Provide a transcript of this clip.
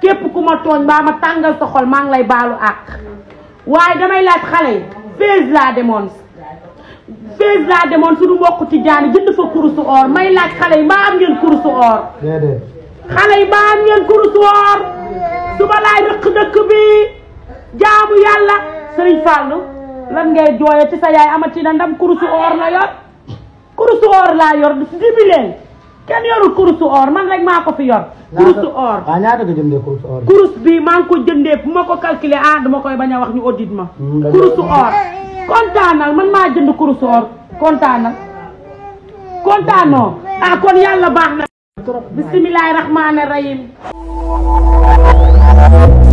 képp ku ma tooñ baa ma tàngal sa xol maa ngi lay baalu àq waaye damay laaj xale yi fees laa demoon fees laa demoon suñu ci tijaan jënd fa kurusu or may laaj xale yi mbaa am ngeen kurusu or xale yi mbaa am laay rëq dëkk bi jaamu yàlla sëriñ Fallou lan ngay jooye ci sa yaay amati na ndam kurusu or la yor kurusu or laa yor di bi leen kenn yorul kurusu or man rek maa ko fi yor. kurusu or kurus bi maa ngi ko jëndee bu ko calculer ah dama koy bañ a wax ñu audit ma. Hmm, kurusu or kontaanal man maa jënd kurusu or kontaanal kontaanoo ah kon yàlla baax na. bismillaahi rahmaani